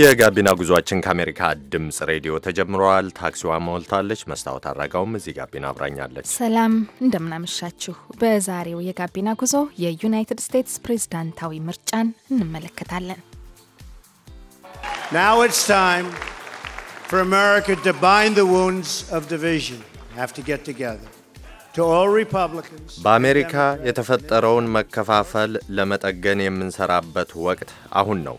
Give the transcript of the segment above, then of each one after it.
የጋቢና ጉዟችን ከአሜሪካ ድምፅ ሬዲዮ ተጀምረዋል። ታክሲዋ ሞልታለች። መስታወት አድረጋውም እዚህ ጋቢና አብራኛለች። ሰላም እንደምናመሻችሁ። በዛሬው የጋቢና ጉዞ የዩናይትድ ስቴትስ ፕሬዝዳንታዊ ምርጫን እንመለከታለን። Now it's time for America to bind the wounds of division. Have to get together. በአሜሪካ የተፈጠረውን መከፋፈል ለመጠገን የምንሰራበት ወቅት አሁን ነው።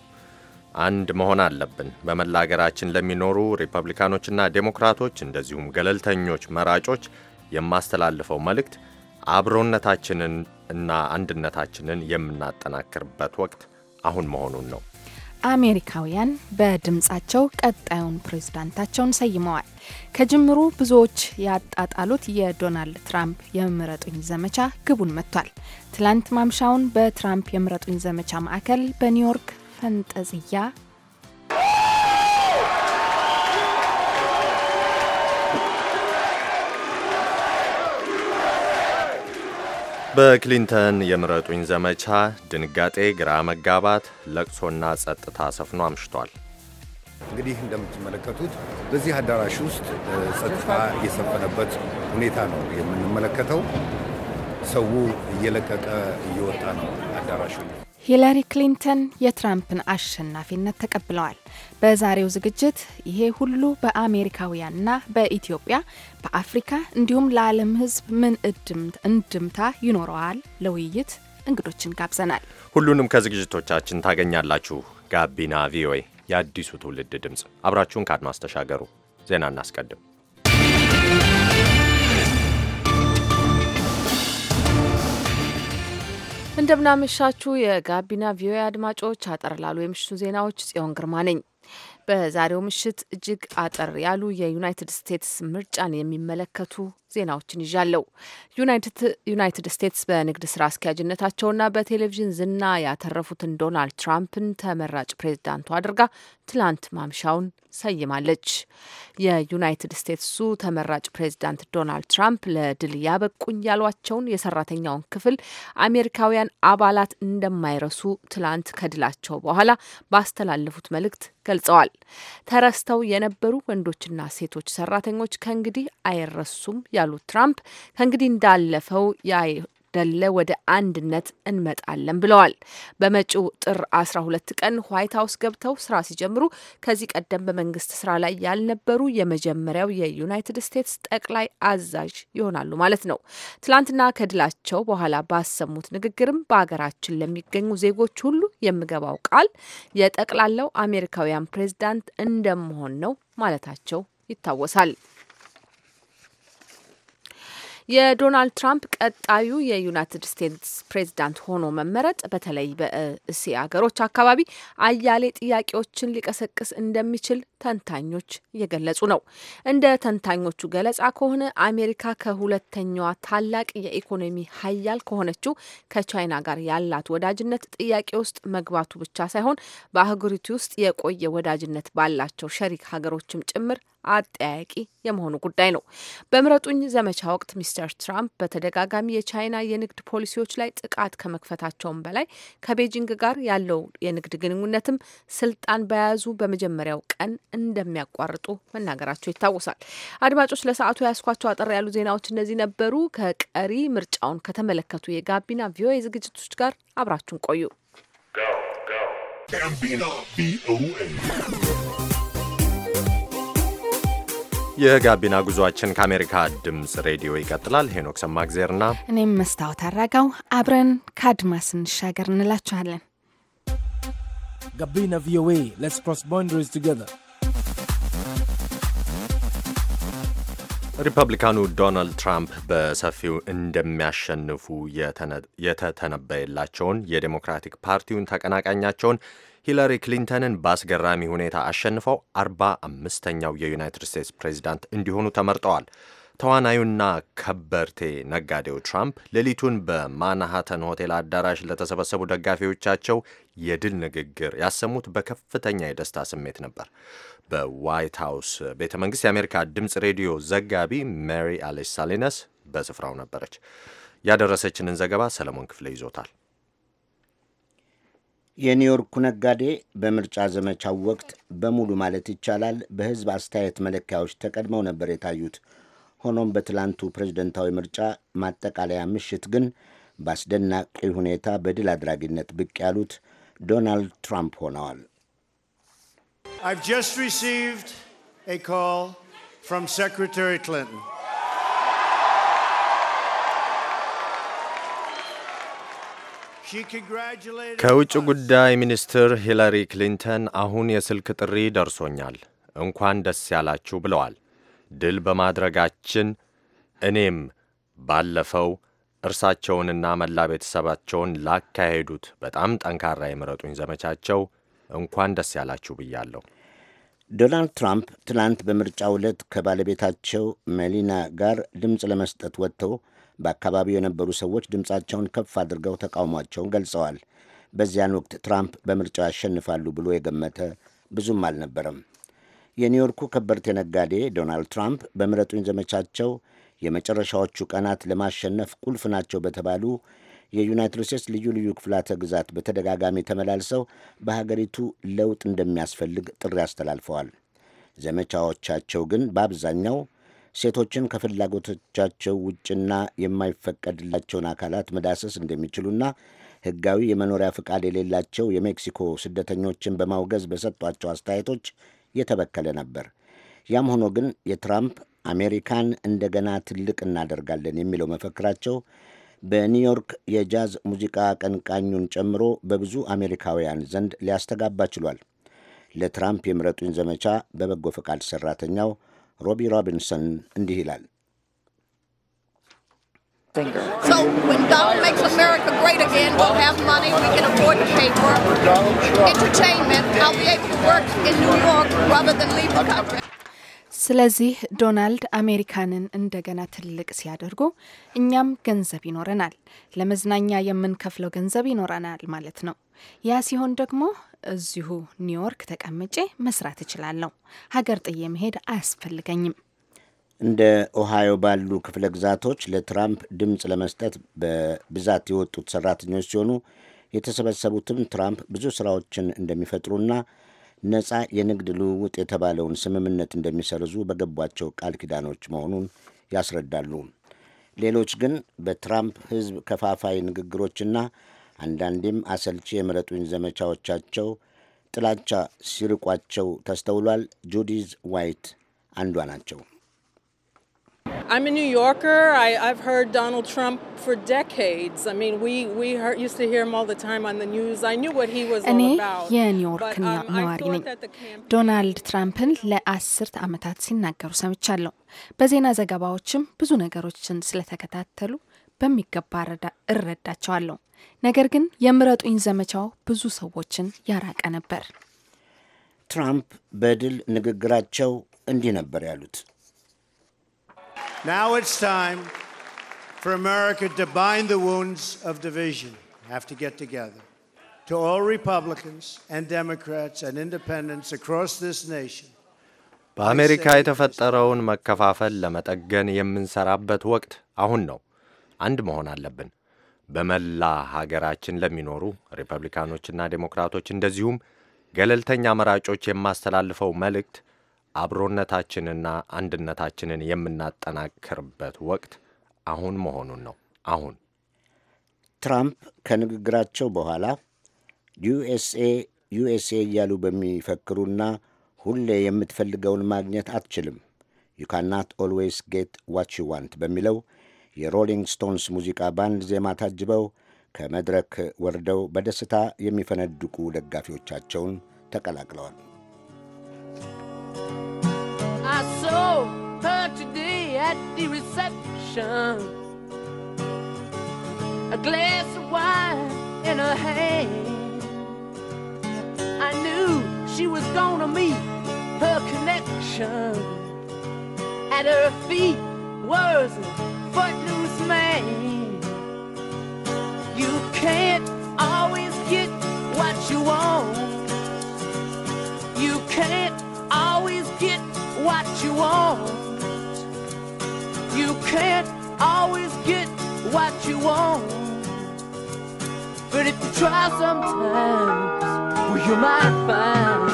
አንድ መሆን አለብን። በመላ አገራችን ለሚኖሩ ሪፐብሊካኖችና ዴሞክራቶች እንደዚሁም ገለልተኞች መራጮች የማስተላልፈው መልእክት አብሮነታችንን እና አንድነታችንን የምናጠናክርበት ወቅት አሁን መሆኑን ነው። አሜሪካውያን በድምጻቸው ቀጣዩን ፕሬዝዳንታቸውን ሰይመዋል። ከጅምሩ ብዙዎች ያጣጣሉት የዶናልድ ትራምፕ የምረጡኝ ዘመቻ ግቡን መጥቷል። ትላንት ማምሻውን በትራምፕ የምረጡኝ ዘመቻ ማዕከል በኒውዮርክ ፈንጠዝያ በክሊንተን የምረጡኝ ዘመቻ ድንጋጤ፣ ግራ መጋባት፣ ለቅሶና ጸጥታ ሰፍኖ አምሽቷል። እንግዲህ እንደምትመለከቱት በዚህ አዳራሽ ውስጥ ጸጥታ የሰፈነበት ሁኔታ ነው የምንመለከተው። ሰው እየለቀቀ እየወጣ ነው አዳራሹ። ሂላሪ ክሊንተን የትራምፕን አሸናፊነት ተቀብለዋል። በዛሬው ዝግጅት ይሄ ሁሉ በአሜሪካውያንና በኢትዮጵያ በአፍሪካ እንዲሁም ለዓለም ሕዝብ ምን እንድምታ ይኖረዋል? ለውይይት እንግዶችን ጋብዘናል። ሁሉንም ከዝግጅቶቻችን ታገኛላችሁ። ጋቢና ቪኦኤ፣ የአዲሱ ትውልድ ድምፅ። አብራችሁን ከአድማስ ተሻገሩ። ዜና እናስቀድም። እንደምናመሻችሁ የጋቢና ቪኦኤ አድማጮች፣ አጠር ላሉ የምሽቱ ዜናዎች ጽዮን ግርማ ነኝ። በዛሬው ምሽት እጅግ አጠር ያሉ የዩናይትድ ስቴትስ ምርጫን የሚመለከቱ ዜናዎችን ይዣለሁ። ዩናይትድ ስቴትስ በንግድ ስራ አስኪያጅነታቸውና በቴሌቪዥን ዝና ያተረፉትን ዶናልድ ትራምፕን ተመራጭ ፕሬዚዳንቱ አድርጋ ትላንት ማምሻውን ሰይማለች። የዩናይትድ ስቴትሱ ተመራጭ ፕሬዚዳንት ዶናልድ ትራምፕ ለድል ያበቁኝ ያሏቸውን የሰራተኛውን ክፍል አሜሪካውያን አባላት እንደማይረሱ ትላንት ከድላቸው በኋላ ባስተላለፉት መልእክት ገልጸዋል። ተረስተው የነበሩ ወንዶችና ሴቶች ሰራተኞች ከእንግዲህ አይረሱም ያሉት ትራምፕ ከእንግዲህ እንዳለፈው ደለ ወደ አንድነት እንመጣለን ብለዋል። በመጪው ጥር 12 ቀን ዋይት ሀውስ ገብተው ስራ ሲጀምሩ ከዚህ ቀደም በመንግስት ስራ ላይ ያልነበሩ የመጀመሪያው የዩናይትድ ስቴትስ ጠቅላይ አዛዥ ይሆናሉ ማለት ነው። ትላንትና ከድላቸው በኋላ ባሰሙት ንግግርም በሀገራችን ለሚገኙ ዜጎች ሁሉ የምገባው ቃል የጠቅላላው አሜሪካውያን ፕሬዝዳንት እንደመሆን ነው ማለታቸው ይታወሳል። የዶናልድ ትራምፕ ቀጣዩ የዩናይትድ ስቴትስ ፕሬዚዳንት ሆኖ መመረጥ በተለይ በእስያ ሀገሮች አካባቢ አያሌ ጥያቄዎችን ሊቀሰቅስ እንደሚችል ተንታኞች እየገለጹ ነው። እንደ ተንታኞቹ ገለጻ ከሆነ አሜሪካ ከሁለተኛዋ ታላቅ የኢኮኖሚ ሀያል ከሆነችው ከቻይና ጋር ያላት ወዳጅነት ጥያቄ ውስጥ መግባቱ ብቻ ሳይሆን በአህጉሪቱ ውስጥ የቆየ ወዳጅነት ባላቸው ሸሪክ ሀገሮችም ጭምር አጠያቂ የመሆኑ ጉዳይ ነው። በምረጡኝ ዘመቻ ወቅት ሚስተር ትራምፕ በተደጋጋሚ የቻይና የንግድ ፖሊሲዎች ላይ ጥቃት ከመክፈታቸውም በላይ ከቤጂንግ ጋር ያለው የንግድ ግንኙነትም ስልጣን በያዙ በመጀመሪያው ቀን እንደሚያቋርጡ መናገራቸው ይታወሳል። አድማጮች ለሰዓቱ ያስኳቸው አጠር ያሉ ዜናዎች እነዚህ ነበሩ። ከቀሪ ምርጫውን ከተመለከቱ የጋቢና ቪኦኤ ዝግጅቶች ጋር አብራችሁን ቆዩ። የጋቢና ጉዟችን ከአሜሪካ ድምፅ ሬዲዮ ይቀጥላል። ሄኖክ ሰማግዜርና እኔም መስታወት አራጋው አብረን ከአድማስ እንሻገር እንላችኋለን። ጋቢና ቪኦኤ ሌትስ ክሮስ ቦንደሪስ ቱጌዘር ሪፐብሊካኑ ዶናልድ ትራምፕ በሰፊው እንደሚያሸንፉ የተተነበየላቸውን የዴሞክራቲክ ፓርቲውን ተቀናቃኛቸውን ሂላሪ ክሊንተንን በአስገራሚ ሁኔታ አሸንፈው አርባ አምስተኛው የዩናይትድ ስቴትስ ፕሬዚዳንት እንዲሆኑ ተመርጠዋል። ተዋናዩና ከበርቴ ነጋዴው ትራምፕ ሌሊቱን በማናሃተን ሆቴል አዳራሽ ለተሰበሰቡ ደጋፊዎቻቸው የድል ንግግር ያሰሙት በከፍተኛ የደስታ ስሜት ነበር። በዋይት ሀውስ ቤተ መንግስት የአሜሪካ ድምፅ ሬዲዮ ዘጋቢ ሜሪ አሌስ ሳሊነስ በስፍራው ነበረች። ያደረሰችንን ዘገባ ሰለሞን ክፍለ ይዞታል። የኒውዮርኩ ነጋዴ በምርጫ ዘመቻው ወቅት በሙሉ ማለት ይቻላል በህዝብ አስተያየት መለኪያዎች ተቀድመው ነበር የታዩት። ሆኖም በትላንቱ ፕሬዝደንታዊ ምርጫ ማጠቃለያ ምሽት ግን በአስደናቂ ሁኔታ በድል አድራጊነት ብቅ ያሉት ዶናልድ ትራምፕ ሆነዋል። ከውጭ ጉዳይ ሚኒስትር ሂላሪ ክሊንተን አሁን የስልክ ጥሪ ደርሶኛል። እንኳን ደስ ያላችሁ ብለዋል። ድል በማድረጋችን እኔም ባለፈው እርሳቸውንና መላ ቤተሰባቸውን ላካሄዱት በጣም ጠንካራ የምረጡኝ ዘመቻቸው እንኳን ደስ ያላችሁ ብያለሁ። ዶናልድ ትራምፕ ትናንት በምርጫው ዕለት ከባለቤታቸው መሊና ጋር ድምፅ ለመስጠት ወጥተው በአካባቢው የነበሩ ሰዎች ድምፃቸውን ከፍ አድርገው ተቃውሟቸውን ገልጸዋል። በዚያን ወቅት ትራምፕ በምርጫው ያሸንፋሉ ብሎ የገመተ ብዙም አልነበረም። የኒውዮርኩ ከበርቴ ነጋዴ ዶናልድ ትራምፕ በምረጡኝ ዘመቻቸው የመጨረሻዎቹ ቀናት ለማሸነፍ ቁልፍ ናቸው በተባሉ የዩናይትድ ስቴትስ ልዩ ልዩ ክፍላተ ግዛት በተደጋጋሚ ተመላልሰው በሀገሪቱ ለውጥ እንደሚያስፈልግ ጥሪ አስተላልፈዋል። ዘመቻዎቻቸው ግን በአብዛኛው ሴቶችን ከፍላጎቶቻቸው ውጭና የማይፈቀድላቸውን አካላት መዳሰስ እንደሚችሉና ሕጋዊ የመኖሪያ ፍቃድ የሌላቸው የሜክሲኮ ስደተኞችን በማውገዝ በሰጧቸው አስተያየቶች የተበከለ ነበር። ያም ሆኖ ግን የትራምፕ አሜሪካን እንደገና ትልቅ እናደርጋለን የሚለው መፈክራቸው በኒውዮርክ የጃዝ ሙዚቃ አቀንቃኙን ጨምሮ በብዙ አሜሪካውያን ዘንድ ሊያስተጋባ ችሏል። ለትራምፕ የምረጡኝ ዘመቻ በበጎ ፈቃድ ሰራተኛው ሮቢ ሮቢንሰን እንዲህ ይላል። ስለዚህ ዶናልድ አሜሪካንን እንደገና ትልቅ ሲያደርጉ እኛም ገንዘብ ይኖረናል፣ ለመዝናኛ የምንከፍለው ገንዘብ ይኖረናል ማለት ነው። ያ ሲሆን ደግሞ እዚሁ ኒውዮርክ ተቀምጬ መስራት እችላለሁ፣ ሀገር ጥዬ መሄድ አያስፈልገኝም። እንደ ኦሃዮ ባሉ ክፍለ ግዛቶች ለትራምፕ ድምፅ ለመስጠት በብዛት የወጡት ሰራተኞች ሲሆኑ የተሰበሰቡትም ትራምፕ ብዙ ስራዎችን እንደሚፈጥሩና ነጻ የንግድ ልውውጥ የተባለውን ስምምነት እንደሚሰርዙ በገቧቸው ቃል ኪዳኖች መሆኑን ያስረዳሉ። ሌሎች ግን በትራምፕ ሕዝብ ከፋፋይ ንግግሮችና አንዳንዴም አሰልቺ የምረጡኝ ዘመቻዎቻቸው ጥላቻ ሲርቋቸው ተስተውሏል። ጁዲዝ ዋይት አንዷ ናቸው። I'm a New Yorker. I, I've heard Donald Trump for decades. I mean, we, we heard, used to hear him all the time on the news. I knew what he was እኔ የኒውዮርክ um, ነዋሪ ነኝ። ዶናልድ ትራምፕን ለአስርት ዓመታት ሲናገሩ ሰምቻለሁ። በዜና ዘገባዎችም ብዙ ነገሮችን ስለተከታተሉ በሚገባ እረዳቸዋለሁ። ነገር ግን የምረጡኝ ዘመቻው ብዙ ሰዎችን ያራቀ ነበር። ትራምፕ በድል ንግግራቸው እንዲህ ነበር ያሉት Now it's time for America to bind the wounds of division. Have to get together. To all Republicans and Democrats and independents across this nation. በአሜሪካ የተፈጠረውን መከፋፈል ለመጠገን የምንሰራበት ወቅት አሁን ነው። አንድ መሆን አለብን። በመላ ሀገራችን ለሚኖሩ ሪፐብሊካኖችና ዴሞክራቶች እንደዚሁም ገለልተኛ መራጮች የማስተላልፈው መልእክት አብሮነታችንና አንድነታችንን የምናጠናክርበት ወቅት አሁን መሆኑን ነው። አሁን ትራምፕ ከንግግራቸው በኋላ ዩኤስኤ ዩኤስኤ እያሉ በሚፈክሩና ሁሌ የምትፈልገውን ማግኘት አትችልም ዩካናት ኦልዌይስ ጌት ዋች ዩ ዋንት በሚለው የሮሊንግ ስቶንስ ሙዚቃ ባንድ ዜማ ታጅበው ከመድረክ ወርደው በደስታ የሚፈነድቁ ደጋፊዎቻቸውን ተቀላቅለዋል። saw oh, her today at the reception. A glass of wine in her hand. I knew she was gonna meet her connection. At her feet was a footloose man. You can't always get what you want. You can't what you want. You can't always get what you want. But if you try sometimes, well, you might find.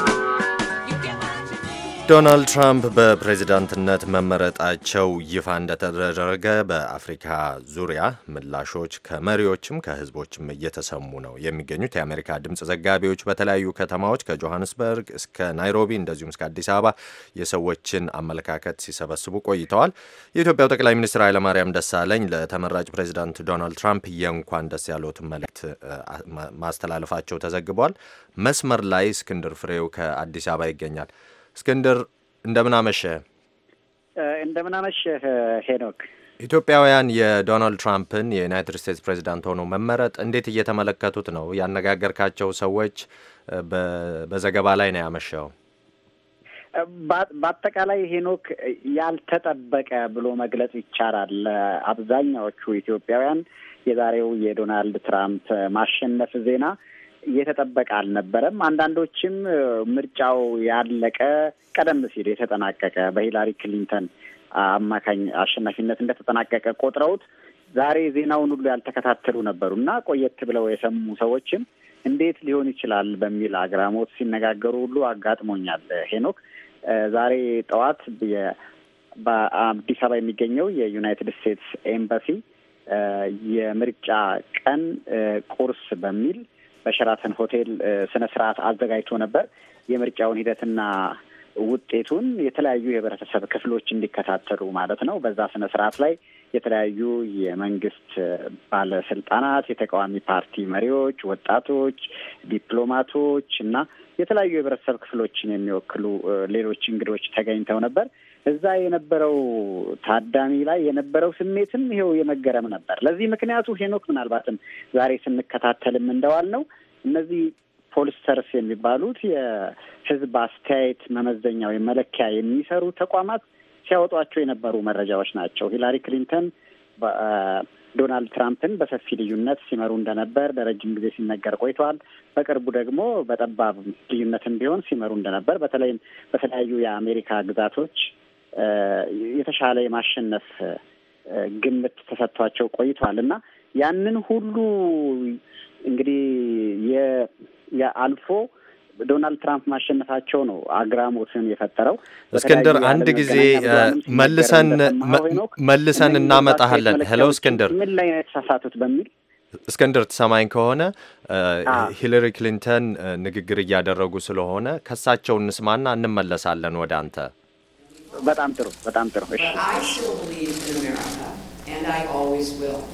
ዶናልድ ትራምፕ በፕሬዚዳንትነት መመረጣቸው ይፋ እንደተደረገ በአፍሪካ ዙሪያ ምላሾች ከመሪዎችም ከህዝቦችም እየተሰሙ ነው የሚገኙት። የአሜሪካ ድምፅ ዘጋቢዎች በተለያዩ ከተማዎች ከጆሃንስበርግ እስከ ናይሮቢ እንደዚሁም እስከ አዲስ አበባ የሰዎችን አመለካከት ሲሰበስቡ ቆይተዋል። የኢትዮጵያው ጠቅላይ ሚኒስትር ኃይለማርያም ደሳለኝ ለተመራጭ ፕሬዚዳንት ዶናልድ ትራምፕ የእንኳን ደስ ያሉት መልእክት ማስተላለፋቸው ተዘግቧል። መስመር ላይ እስክንድር ፍሬው ከአዲስ አበባ ይገኛል። እስክንድር እንደምናመሸ አመሸህ። ሄኖክ። ኢትዮጵያውያን የዶናልድ ትራምፕን የዩናይትድ ስቴትስ ፕሬዚዳንት ሆኖ መመረጥ እንዴት እየተመለከቱት ነው? ያነጋገርካቸው ሰዎች በዘገባ ላይ ነው ያመሸው። በአጠቃላይ ሄኖክ ያልተጠበቀ ብሎ መግለጽ ይቻላል። አብዛኛዎቹ ኢትዮጵያውያን የዛሬው የዶናልድ ትራምፕ ማሸነፍ ዜና እየተጠበቀ አልነበረም። አንዳንዶችም ምርጫው ያለቀ ቀደም ሲል የተጠናቀቀ በሂላሪ ክሊንተን አማካኝ አሸናፊነት እንደተጠናቀቀ ቆጥረውት ዛሬ ዜናውን ሁሉ ያልተከታተሉ ነበሩ እና ቆየት ብለው የሰሙ ሰዎችም እንዴት ሊሆን ይችላል በሚል አግራሞት ሲነጋገሩ ሁሉ አጋጥሞኛል። ሄኖክ ዛሬ ጠዋት በአዲስ አበባ የሚገኘው የዩናይትድ ስቴትስ ኤምባሲ የምርጫ ቀን ቁርስ በሚል በሸራተን ሆቴል ስነ ስርዓት አዘጋጅቶ ነበር። የምርጫውን ሂደትና ውጤቱን የተለያዩ የህብረተሰብ ክፍሎች እንዲከታተሉ ማለት ነው። በዛ ስነ ስርዓት ላይ የተለያዩ የመንግስት ባለስልጣናት፣ የተቃዋሚ ፓርቲ መሪዎች፣ ወጣቶች፣ ዲፕሎማቶች እና የተለያዩ የህብረተሰብ ክፍሎችን የሚወክሉ ሌሎች እንግዶች ተገኝተው ነበር። እዛ የነበረው ታዳሚ ላይ የነበረው ስሜትም ይሄው የመገረም ነበር። ለዚህ ምክንያቱ ሄኖክ ምናልባትም ዛሬ ስንከታተልም እንደዋል ነው እነዚህ ፖልስተርስ የሚባሉት የሕዝብ አስተያየት መመዘኛ ወይም መለኪያ የሚሰሩ ተቋማት ሲያወጧቸው የነበሩ መረጃዎች ናቸው። ሂላሪ ክሊንተን ዶናልድ ትራምፕን በሰፊ ልዩነት ሲመሩ እንደነበር ለረጅም ጊዜ ሲነገር ቆይተዋል። በቅርቡ ደግሞ በጠባብ ልዩነትም ቢሆን ሲመሩ እንደነበር በተለይም በተለያዩ የአሜሪካ ግዛቶች የተሻለ የማሸነፍ ግምት ተሰጥቷቸው ቆይቷል እና ያንን ሁሉ እንግዲህ የአልፎ ዶናልድ ትራምፕ ማሸነፋቸው ነው አግራሞትን የፈጠረው። እስክንድር አንድ ጊዜ መልሰን መልሰን እናመጣሃለን። ሄሎ እስክንድር፣ ምን ላይ ነው የተሳሳቱት በሚል እስክንድር ትሰማኝ ከሆነ ሂለሪ ክሊንተን ንግግር እያደረጉ ስለሆነ ከሳቸው እንስማና እንመለሳለን ወደ አንተ። I I still believe in America, and always will.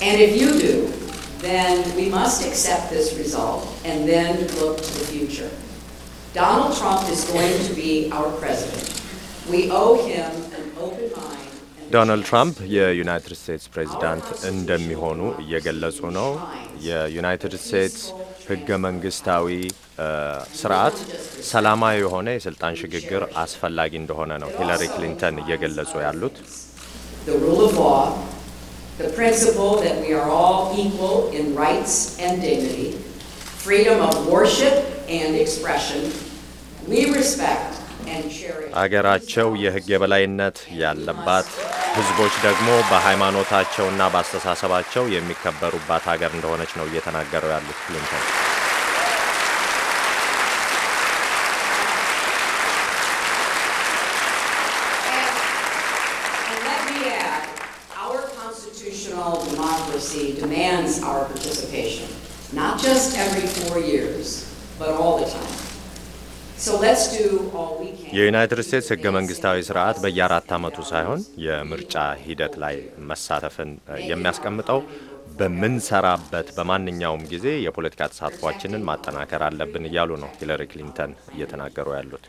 And if you do, Then we must accept this result and then look to the future. Donald Trump is going to be our president. We owe him an open mind. ዶናልድ ትራምፕ የዩናይትድ ስቴትስ ፕሬዚዳንት እንደሚሆኑ እየገለጹ ነው። የዩናይትድ ስቴትስ ህገ መንግስታዊ ስርዓት ሰላማዊ የሆነ የስልጣን ሽግግር አስፈላጊ እንደሆነ ነው ሂለሪ ክሊንተን እየገለጹ ያሉት። አገራቸው የሕግ የበላይነት ያለባት ሕዝቦች ደግሞ በሃይማኖታቸውና በአስተሳሰባቸው የሚከበሩባት ሀገር እንደሆነች ነው እየተናገረው ያሉት ክሊንተን። የዩናይትድ ስቴትስ ህገ መንግስታዊ ስርዓት በየአራት ዓመቱ ሳይሆን የምርጫ ሂደት ላይ መሳተፍን የሚያስቀምጠው በምንሰራበት በማንኛውም ጊዜ የፖለቲካ ተሳትፏችንን ማጠናከር አለብን እያሉ ነው ሂለሪ ክሊንተን እየተናገሩ ያሉት።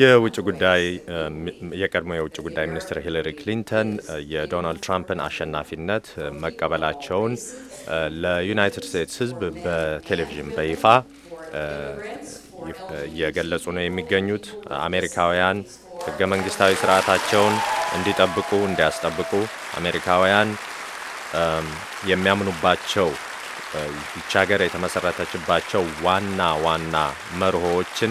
የውጭ ጉዳይ የቀድሞ የውጭ ጉዳይ ሚኒስትር ሂለሪ ክሊንተን የዶናልድ ትራምፕን አሸናፊነት መቀበላቸውን ለዩናይትድ ስቴትስ ሕዝብ በቴሌቪዥን በይፋ እየገለጹ ነው የሚገኙት። አሜሪካውያን ህገ መንግስታዊ ስርዓታቸውን እንዲጠብቁ እንዲያስጠብቁ አሜሪካውያን የሚያምኑባቸው ይች ሀገር የተመሰረተችባቸው ዋና ዋና መርሆዎችን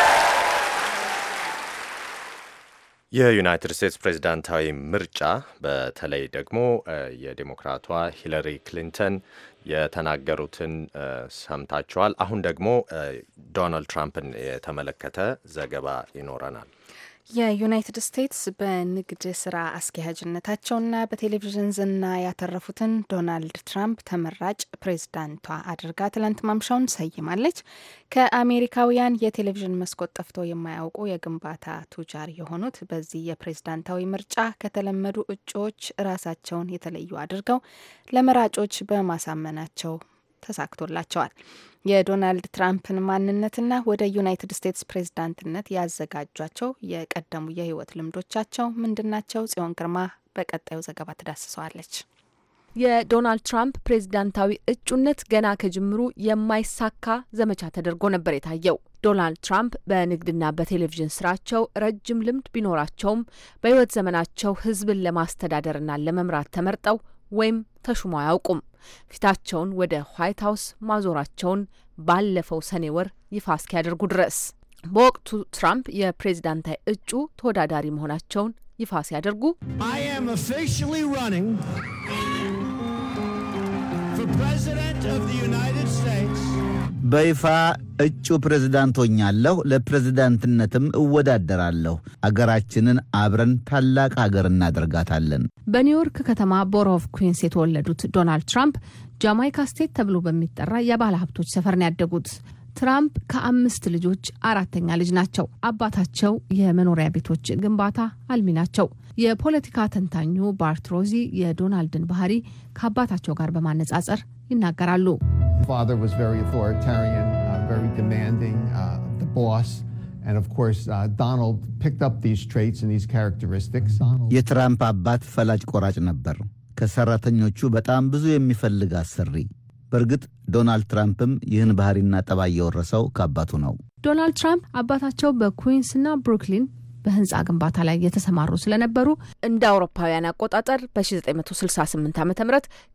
የዩናይትድ ስቴትስ ፕሬዚዳንታዊ ምርጫ በተለይ ደግሞ የዴሞክራቷ ሂለሪ ክሊንተን የተናገሩትን ሰምታችኋል። አሁን ደግሞ ዶናልድ ትራምፕን የተመለከተ ዘገባ ይኖረናል። የዩናይትድ ስቴትስ በንግድ ስራ አስኪያጅነታቸውና በቴሌቪዥን ዝና ያተረፉትን ዶናልድ ትራምፕ ተመራጭ ፕሬዝዳንቷ አድርጋ ትላንት ማምሻውን ሰይማለች። ከአሜሪካውያን የቴሌቪዥን መስኮት ጠፍቶ የማያውቁ የግንባታ ቱጃር የሆኑት በዚህ የፕሬዝዳንታዊ ምርጫ ከተለመዱ እጩዎች ራሳቸውን የተለዩ አድርገው ለመራጮች በማሳመናቸው ተሳክቶላቸዋል። የዶናልድ ትራምፕን ማንነትና ወደ ዩናይትድ ስቴትስ ፕሬዝዳንትነት ያዘጋጇቸው የቀደሙ የህይወት ልምዶቻቸው ምንድናቸው? ጽዮን ግርማ በቀጣዩ ዘገባ ትዳስሰዋለች። የዶናልድ ትራምፕ ፕሬዝዳንታዊ እጩነት ገና ከጅምሩ የማይሳካ ዘመቻ ተደርጎ ነበር የታየው። ዶናልድ ትራምፕ በንግድና በቴሌቪዥን ስራቸው ረጅም ልምድ ቢኖራቸውም በህይወት ዘመናቸው ህዝብን ለማስተዳደርና ለመምራት ተመርጠው ወይም ተሹሞ አያውቁም። ፊታቸውን ወደ ዋይት ሀውስ ማዞራቸውን ባለፈው ሰኔ ወር ይፋ እስኪያደርጉ ድረስ በወቅቱ ትራምፕ የፕሬዚዳንታዊ እጩ ተወዳዳሪ መሆናቸውን ይፋ ሲያደርጉ ፕሬዚደንት ዩናይትድ ስቴትስ በይፋ እጩ ፕሬዝዳንት ሆኛለሁ። ለፕሬዝዳንትነትም እወዳደራለሁ። አገራችንን አብረን ታላቅ ሀገር እናደርጋታለን። በኒውዮርክ ከተማ ቦሮ ኦፍ ኩንስ የተወለዱት ዶናልድ ትራምፕ ጃማይካ ስቴት ተብሎ በሚጠራ የባለ ሀብቶች ሰፈር ነው ያደጉት። ትራምፕ ከአምስት ልጆች አራተኛ ልጅ ናቸው። አባታቸው የመኖሪያ ቤቶች ግንባታ አልሚ ናቸው። የፖለቲካ ተንታኙ ባርትሮዚ የዶናልድን ባህሪ ከአባታቸው ጋር በማነጻጸር ይናገራሉ። uh, uh, uh, የትራምፕ አባት ፈላጭ ቆራጭ ነበር። ከሰራተኞቹ በጣም ብዙ የሚፈልግ አሰሪ በእርግጥ ዶናልድ ትራምፕም ይህን ባህሪና ጠባይ የወረሰው ከአባቱ ነው። ዶናልድ ትራምፕ አባታቸው በኩዊንስና ብሩክሊን በህንፃ ግንባታ ላይ የተሰማሩ ስለነበሩ እንደ አውሮፓውያን አቆጣጠር በ1968 ዓ ም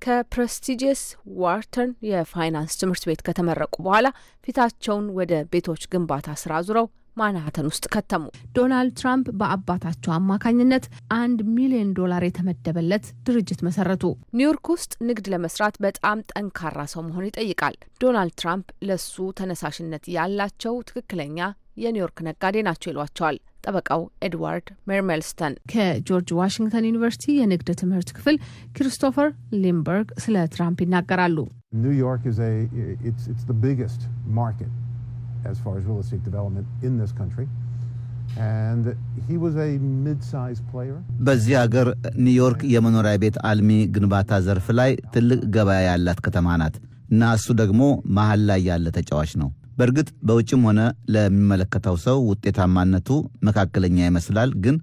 ከፕሬስቲጂየስ ዋርተን የፋይናንስ ትምህርት ቤት ከተመረቁ በኋላ ፊታቸውን ወደ ቤቶች ግንባታ ስራ አዙረው ማናሃተን ውስጥ ከተሙ። ዶናልድ ትራምፕ በአባታቸው አማካኝነት አንድ ሚሊዮን ዶላር የተመደበለት ድርጅት መሰረቱ። ኒውዮርክ ውስጥ ንግድ ለመስራት በጣም ጠንካራ ሰው መሆን ይጠይቃል። ዶናልድ ትራምፕ ለሱ ተነሳሽነት ያላቸው ትክክለኛ የኒውዮርክ ነጋዴ ናቸው ይሏቸዋል ጠበቃው ኤድዋርድ ሜርሜልስተን ከጆርጅ ዋሽንግተን ዩኒቨርሲቲ የንግድ ትምህርት ክፍል ክሪስቶፈር ሊምበርግ ስለ ትራምፕ ይናገራሉ። ኒውዮርክ as far as real estate development in this country. በዚህ ሀገር ኒውዮርክ የመኖሪያ ቤት አልሚ ግንባታ ዘርፍ ላይ ትልቅ ገበያ ያላት ከተማ ናት እና እሱ ደግሞ መሀል ላይ ያለ ተጫዋች ነው። በእርግጥ በውጭም ሆነ ለሚመለከተው ሰው ውጤታማነቱ መካከለኛ ይመስላል፣ ግን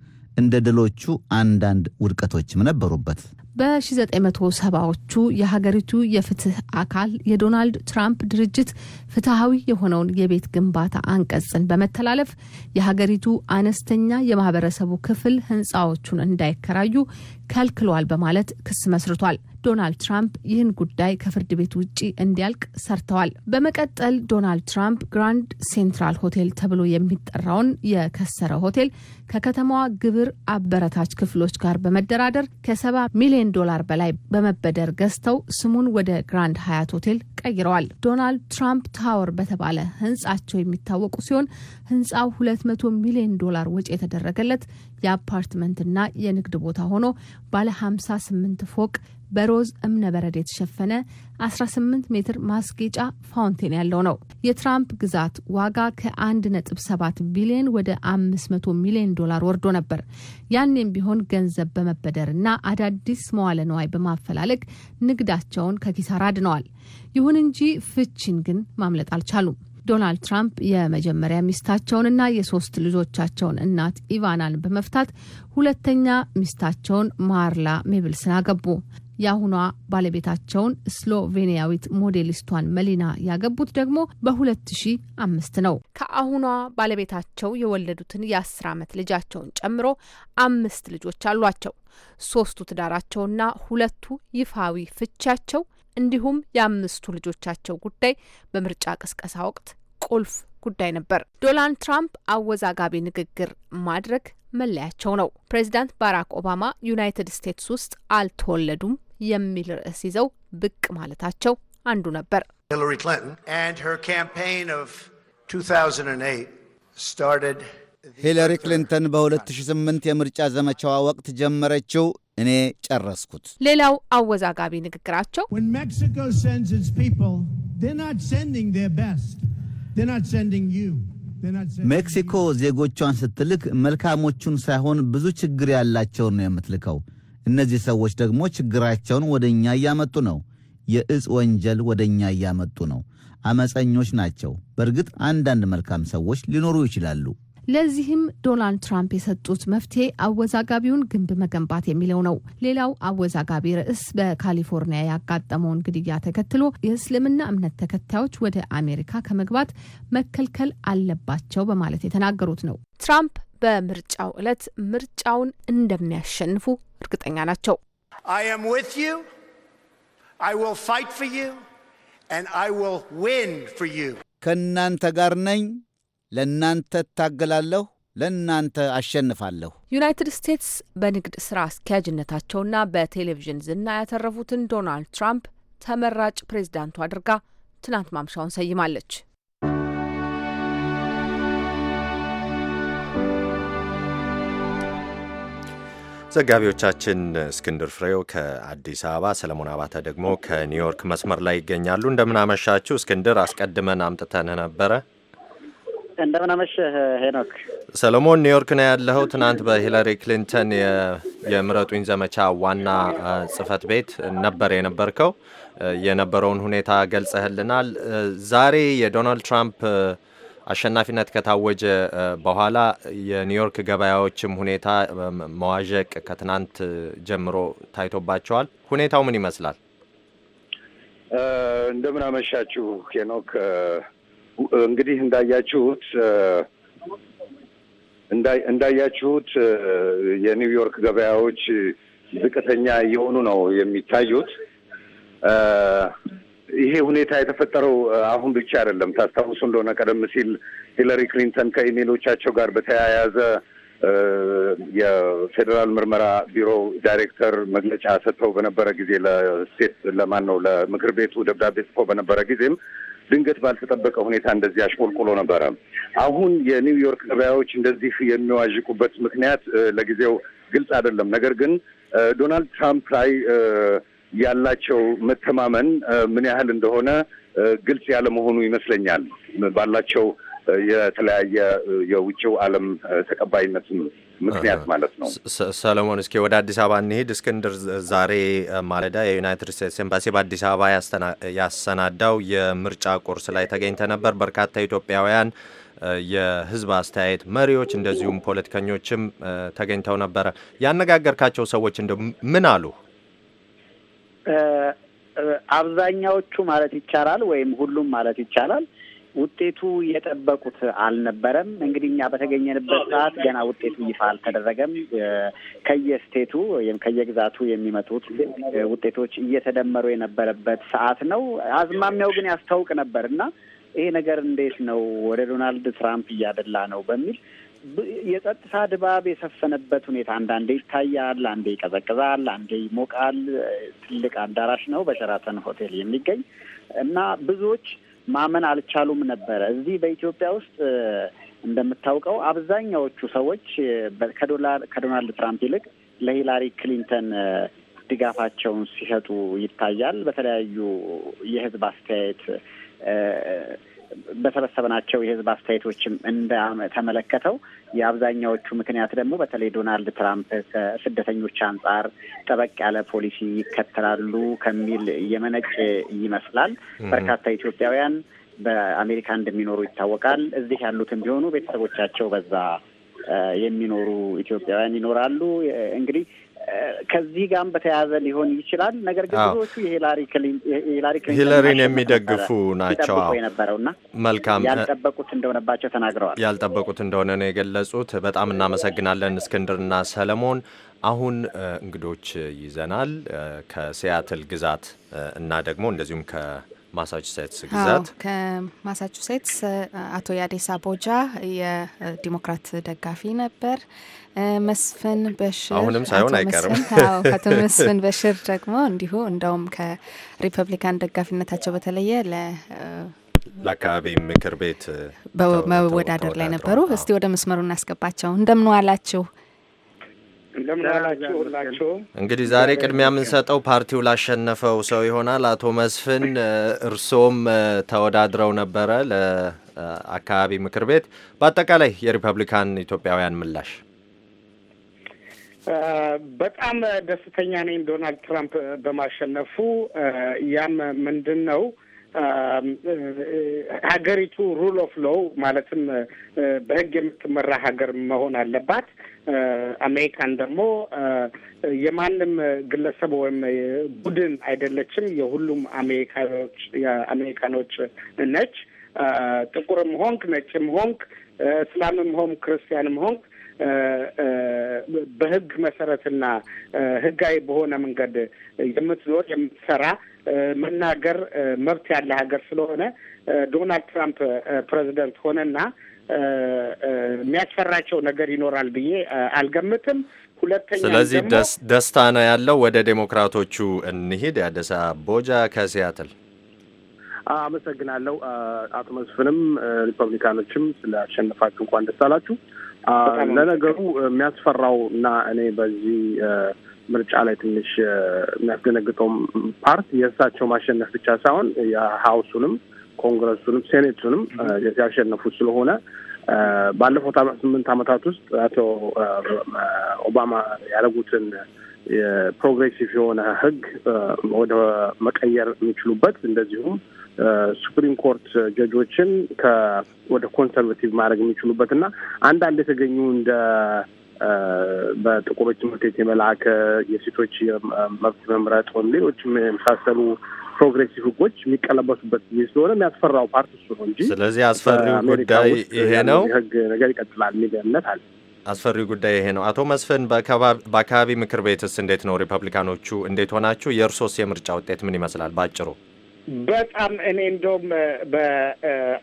እንደ ድሎቹ አንዳንድ ውድቀቶችም ነበሩበት። በ1970ዎቹ የሀገሪቱ የፍትህ አካል የዶናልድ ትራምፕ ድርጅት ፍትሐዊ የሆነውን የቤት ግንባታ አንቀጽን በመተላለፍ የሀገሪቱ አነስተኛ የማህበረሰቡ ክፍል ህንፃዎቹን እንዳይከራዩ ከልክሏል በማለት ክስ መስርቷል። ዶናልድ ትራምፕ ይህን ጉዳይ ከፍርድ ቤት ውጪ እንዲያልቅ ሰርተዋል። በመቀጠል ዶናልድ ትራምፕ ግራንድ ሴንትራል ሆቴል ተብሎ የሚጠራውን የከሰረ ሆቴል ከከተማዋ ግብር አበረታች ክፍሎች ጋር በመደራደር ከሰባ ሚሊዮን ዶላር በላይ በመበደር ገዝተው ስሙን ወደ ግራንድ ሀያት ሆቴል ቀይረዋል። ዶናልድ ትራምፕ ታወር በተባለ ህንጻቸው የሚታወቁ ሲሆን ህንጻው 200 ሚሊዮን ዶላር ወጪ የተደረገለት የአፓርትመንትና የንግድ ቦታ ሆኖ ባለ 58 ፎቅ በሮዝ እብነበረድ የተሸፈነ 18 ሜትር ማስጌጫ ፋውንቴን ያለው ነው። የትራምፕ ግዛት ዋጋ ከ1.7 ቢሊዮን ወደ 500 ሚሊዮን ዶላር ወርዶ ነበር። ያኔም ቢሆን ገንዘብ በመበደርና አዳዲስ መዋለ ነዋይ በማፈላለግ ንግዳቸውን ከኪሳራ አድነዋል። ይሁን እንጂ ፍቺን ግን ማምለጥ አልቻሉም። ዶናልድ ትራምፕ የመጀመሪያ ሚስታቸውንና የሶስት ልጆቻቸውን እናት ኢቫናን በመፍታት ሁለተኛ ሚስታቸውን ማርላ ሜብልስን አገቡ። የአሁኗ ባለቤታቸውን ስሎቬኒያዊት ሞዴሊስቷን መሊና ያገቡት ደግሞ በ2005 ነው። ከአሁኗ ባለቤታቸው የወለዱትን የአስር ዓመት ልጃቸውን ጨምሮ አምስት ልጆች አሏቸው። ሶስቱ ትዳራቸውና ሁለቱ ይፋዊ ፍቻቸው እንዲሁም የአምስቱ ልጆቻቸው ጉዳይ በምርጫ ቅስቀሳ ወቅት ቁልፍ ጉዳይ ነበር። ዶናልድ ትራምፕ አወዛጋቢ ንግግር ማድረግ መለያቸው ነው። ፕሬዚዳንት ባራክ ኦባማ ዩናይትድ ስቴትስ ውስጥ አልተወለዱም የሚል ርዕስ ይዘው ብቅ ማለታቸው አንዱ ነበር። ሂላሪ ሂለሪ ክሊንተን በ2008 የምርጫ ዘመቻዋ ወቅት ጀመረችው እኔ ጨረስኩት። ሌላው አወዛጋቢ ንግግራቸው ሜክሲኮ ዜጎቿን ስትልክ መልካሞቹን ሳይሆን ብዙ ችግር ያላቸውን ነው የምትልከው እነዚህ ሰዎች ደግሞ ችግራቸውን ወደ እኛ እያመጡ ነው። የእጽ ወንጀል ወደ እኛ እያመጡ ነው። አመፀኞች ናቸው። በእርግጥ አንዳንድ መልካም ሰዎች ሊኖሩ ይችላሉ። ለዚህም ዶናልድ ትራምፕ የሰጡት መፍትሄ አወዛጋቢውን ግንብ መገንባት የሚለው ነው። ሌላው አወዛጋቢ ርዕስ በካሊፎርኒያ ያጋጠመውን ግድያ ተከትሎ የእስልምና እምነት ተከታዮች ወደ አሜሪካ ከመግባት መከልከል አለባቸው በማለት የተናገሩት ነው ትራምፕ በምርጫው ዕለት ምርጫውን እንደሚያሸንፉ እርግጠኛ ናቸው። ከእናንተ ጋር ነኝ፣ ለእናንተ እታገላለሁ ለእናንተ አሸንፋለሁ። ዩናይትድ ስቴትስ በንግድ ሥራ አስኪያጅነታቸውና በቴሌቪዥን ዝና ያተረፉትን ዶናልድ ትራምፕ ተመራጭ ፕሬዝዳንቱ አድርጋ ትናንት ማምሻውን ሰይማለች። ዘጋቢዎቻችን እስክንድር ፍሬው ከአዲስ አበባ፣ ሰለሞን አባተ ደግሞ ከኒውዮርክ መስመር ላይ ይገኛሉ። እንደምናመሻችሁ እስክንድር፣ አስቀድመን አምጥተን ነበረ። እንደምናመሸህ ሄኖክ። ሰለሞን ኒውዮርክ ነው ያለኸው። ትናንት በሂለሪ ክሊንተን የምረጡኝ ዘመቻ ዋና ጽህፈት ቤት ነበር የነበርከው። የነበረውን ሁኔታ ገልጸህልናል። ዛሬ የዶናልድ ትራምፕ አሸናፊነት ከታወጀ በኋላ የኒውዮርክ ገበያዎችም ሁኔታ መዋዠቅ ከትናንት ጀምሮ ታይቶባቸዋል። ሁኔታው ምን ይመስላል? እንደምን አመሻችሁ ኬኖክ። እንግዲህ እንዳያችሁት እንዳያችሁት የኒውዮርክ ገበያዎች ዝቅተኛ እየሆኑ ነው የሚታዩት። ይሄ ሁኔታ የተፈጠረው አሁን ብቻ አይደለም። ታስታውሱ እንደሆነ ቀደም ሲል ሂለሪ ክሊንተን ከኢሜሎቻቸው ጋር በተያያዘ የፌዴራል ምርመራ ቢሮ ዳይሬክተር መግለጫ ሰጥተው በነበረ ጊዜ ለስቴት ለማን ነው ለምክር ቤቱ ደብዳቤ ጽፎ በነበረ ጊዜም ድንገት ባልተጠበቀ ሁኔታ እንደዚህ አሽቆልቁሎ ነበረ። አሁን የኒውዮርክ ገበያዎች እንደዚህ የሚዋዥቁበት ምክንያት ለጊዜው ግልጽ አይደለም። ነገር ግን ዶናልድ ትራምፕ ላይ ያላቸው መተማመን ምን ያህል እንደሆነ ግልጽ ያለመሆኑ ይመስለኛል ባላቸው የተለያየ የውጭው ዓለም ተቀባይነት ምክንያት ማለት ነው። ሰለሞን፣ እስኪ ወደ አዲስ አበባ እንሄድ። እስክንድር፣ ዛሬ ማለዳ የዩናይትድ ስቴትስ ኤምባሲ በአዲስ አበባ ያሰናዳው የምርጫ ቁርስ ላይ ተገኝተ ነበር። በርካታ ኢትዮጵያውያን የህዝብ አስተያየት መሪዎች፣ እንደዚሁም ፖለቲከኞችም ተገኝተው ነበረ። ያነጋገርካቸው ሰዎች እንደ ምን አሉ? አብዛኛዎቹ ማለት ይቻላል ወይም ሁሉም ማለት ይቻላል ውጤቱ የጠበቁት አልነበረም። እንግዲህ እኛ በተገኘንበት ሰዓት ገና ውጤቱ ይፋ አልተደረገም። ከየስቴቱ ወይም ከየግዛቱ የሚመጡት ውጤቶች እየተደመሩ የነበረበት ሰዓት ነው። አዝማሚያው ግን ያስታውቅ ነበር እና ይሄ ነገር እንዴት ነው ወደ ዶናልድ ትራምፕ እያደላ ነው በሚል የጸጥታ ድባብ የሰፈነበት ሁኔታ አንዳንዴ ይታያል፣ አንዴ ይቀዘቅዛል፣ አንዴ ይሞቃል። ትልቅ አዳራሽ ነው በሸራተን ሆቴል የሚገኝ እና ብዙዎች ማመን አልቻሉም ነበረ። እዚህ በኢትዮጵያ ውስጥ እንደምታውቀው አብዛኛዎቹ ሰዎች ከዶላር ከዶናልድ ትራምፕ ይልቅ ለሂላሪ ክሊንተን ድጋፋቸውን ሲሰጡ ይታያል። በተለያዩ የህዝብ አስተያየት በሰበሰብናቸው የህዝብ አስተያየቶችም እንደተመለከተው የአብዛኛዎቹ ምክንያት ደግሞ በተለይ ዶናልድ ትራምፕ ከስደተኞች አንጻር ጠበቅ ያለ ፖሊሲ ይከተላሉ ከሚል የመነጭ ይመስላል። በርካታ ኢትዮጵያውያን በአሜሪካ እንደሚኖሩ ይታወቃል። እዚህ ያሉትም ቢሆኑ ቤተሰቦቻቸው በዛ የሚኖሩ ኢትዮጵያውያን ይኖራሉ። እንግዲህ ከዚህ ጋም በተያያዘ ሊሆን ይችላል። ነገር ግን ብዙዎቹ የሂላሪ ክሊንተን የሚደግፉ ናቸው የነበረው የነበረውና መልካም ያልጠበቁት እንደሆነባቸው ተናግረዋል። ያልጠበቁት እንደሆነ ነው የገለጹት። በጣም እናመሰግናለን እስክንድርና ሰለሞን። አሁን እንግዶች ይዘናል ከሲያትል ግዛት እና ደግሞ እንደዚሁም ከ ማሳቹሴትስ ግዛት ከማሳቹሴትስ አቶ ያዴሳ ቦጃ የዲሞክራት ደጋፊ ነበር። መስፍን በሽር አሁንም ሳይሆን አይቀርም። አቶ መስፍን በሽር ደግሞ እንዲሁ እንደውም ከሪፐብሊካን ደጋፊነታቸው በተለየ ለ ለአካባቢ ምክር ቤት በመወዳደር ላይ ነበሩ። እስቲ ወደ መስመሩ እናስገባቸው። እንደምን ዋላችሁ? እንግዲህ ዛሬ ቅድሚያ የምንሰጠው ፓርቲው ላሸነፈው ሰው ይሆናል። አቶ መስፍን እርሶም ተወዳድረው ነበረ ለአካባቢ ምክር ቤት። በአጠቃላይ የሪፐብሊካን ኢትዮጵያውያን ምላሽ በጣም ደስተኛ ነኝ ዶናልድ ትራምፕ በማሸነፉ። ያም ምንድን ነው ሀገሪቱ ሩል ኦፍ ሎው ማለትም በህግ የምትመራ ሀገር መሆን አለባት። አሜሪካን ደግሞ የማንም ግለሰብ ወይም ቡድን አይደለችም፣ የሁሉም አሜሪካኖች የአሜሪካኖች ነች። ጥቁርም ሆንክ ነጭም ሆንክ እስላምም ሆንክ ክርስቲያንም ሆንክ በህግ መሰረትና ህጋዊ በሆነ መንገድ የምትኖር የምትሰራ መናገር መብት ያለ ሀገር ስለሆነ ዶናልድ ትራምፕ ፕሬዚደንት ሆነና የሚያስፈራቸው ነገር ይኖራል ብዬ አልገምትም። ሁለተኛ ስለዚህ ደስታ ነው ያለው። ወደ ዴሞክራቶቹ እንሂድ። የአዲስ አቦጃ ከሲያትል አመሰግናለሁ። አቶ መስፍንም ሪፐብሊካኖችም አሸነፋችሁ እንኳን ደስ አላችሁ። ለነገሩ የሚያስፈራው እና እኔ በዚህ ምርጫ ላይ ትንሽ የሚያስደነግጠው ፓርት የእሳቸው ማሸነፍ ብቻ ሳይሆን የሀውሱንም ኮንግረሱንም ሴኔቱንም ያሸነፉ ስለሆነ ባለፉት ስምንት ዓመታት ውስጥ አቶ ኦባማ ያደረጉትን የፕሮግሬሲቭ የሆነ ህግ ወደ መቀየር የሚችሉበት እንደዚሁም ሱፕሪም ኮርት ጀጆችን ወደ ኮንሰርቬቲቭ ማድረግ የሚችሉበት እና አንዳንድ የተገኙ እንደ በጥቁሮች ትምህርት ቤት የመላክ የሴቶች መብት መምረጥ ወይም ሌሎችም የመሳሰሉ ፕሮግሬሲቭ ህጎች የሚቀለበሱበት ጊዜ ስለሆነ የሚያስፈራው ፓርት እሱ ነው እንጂ ስለዚህ አስፈሪው ጉዳይ ይሄ ነው። ህግ ነገር ይቀጥላል የሚል እምነት አለ። አስፈሪው ጉዳይ ይሄ ነው። አቶ መስፍን በአካባቢ ምክር ቤትስ እንዴት ነው? ሪፐብሊካኖቹ እንዴት ሆናችሁ? የእርሶስ የምርጫ ውጤት ምን ይመስላል? በአጭሩ በጣም እኔ እንደውም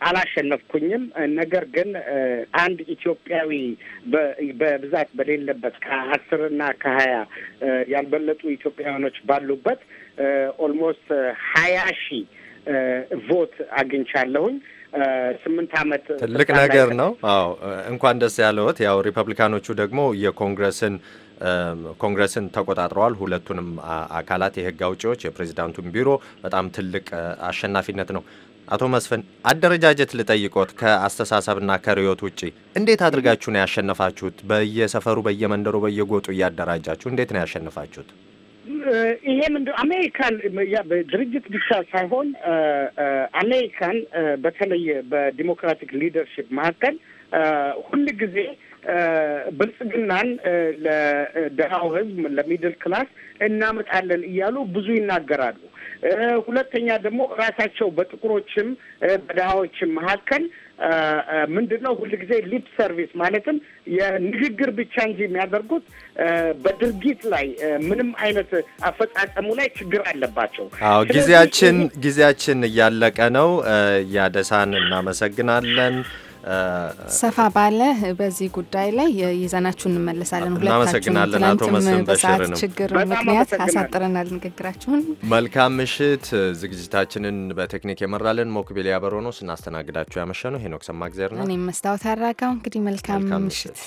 አላሸነፍኩኝም። ነገር ግን አንድ ኢትዮጵያዊ በብዛት በሌለበት ከአስር እና ከሀያ ያልበለጡ ኢትዮጵያውያኖች ባሉበት ኦልሞስት ሀያ ሺህ ቮት አግኝቻለሁኝ። ስምንት ዓመት ትልቅ ነገር ነው። አዎ እንኳን ደስ ያለዎት። ያው ሪፐብሊካኖቹ ደግሞ የኮንግረስን ኮንግረስን ተቆጣጥረዋል። ሁለቱንም አካላት የህግ አውጪዎች፣ የፕሬዚዳንቱን ቢሮ በጣም ትልቅ አሸናፊነት ነው። አቶ መስፍን አደረጃጀት ልጠይቆት ከአስተሳሰብና ከርዕዮት ውጪ እንዴት አድርጋችሁ ነው ያሸነፋችሁት? በየሰፈሩ በየመንደሩ በየጎጡ እያደራጃችሁ እንዴት ነው ያሸነፋችሁት? ይሄ ምንድን አሜሪካን ድርጅት ብቻ ሳይሆን አሜሪካን በተለይ በዲሞክራቲክ ሊደርሽፕ መካከል ሁል ጊዜ ብልጽግናን ለድሃው ህዝብ ለሚድል ክላስ እናመጣለን እያሉ ብዙ ይናገራሉ። ሁለተኛ ደግሞ ራሳቸው በጥቁሮችም በድሃዎችም መካከል ምንድን ነው ሁልጊዜ ሊፕ ሰርቪስ ማለትም የንግግር ብቻ እንጂ የሚያደርጉት በድርጊት ላይ ምንም አይነት አፈጻጸሙ ላይ ችግር አለባቸው። አዎ ጊዜያችን ጊዜያችን እያለቀ ነው። ያደሳን እናመሰግናለን። ሰፋ ባለ በዚህ ጉዳይ ላይ ይዘናችሁ እንመለሳለን። እናመሰግናለን አቶ መስፍን በሽር ነው ችግር ምክንያት አሳጥረናል ንግግራችሁን። መልካም ምሽት። ዝግጅታችንን በቴክኒክ የመራለን ሞክቢል ያበሮ ነው። ስናስተናግዳችሁ ያመሸ ነው ሄኖክ ሰማግዜር ነው። እኔም መስታወት አራጋው። እንግዲህ መልካም ምሽት።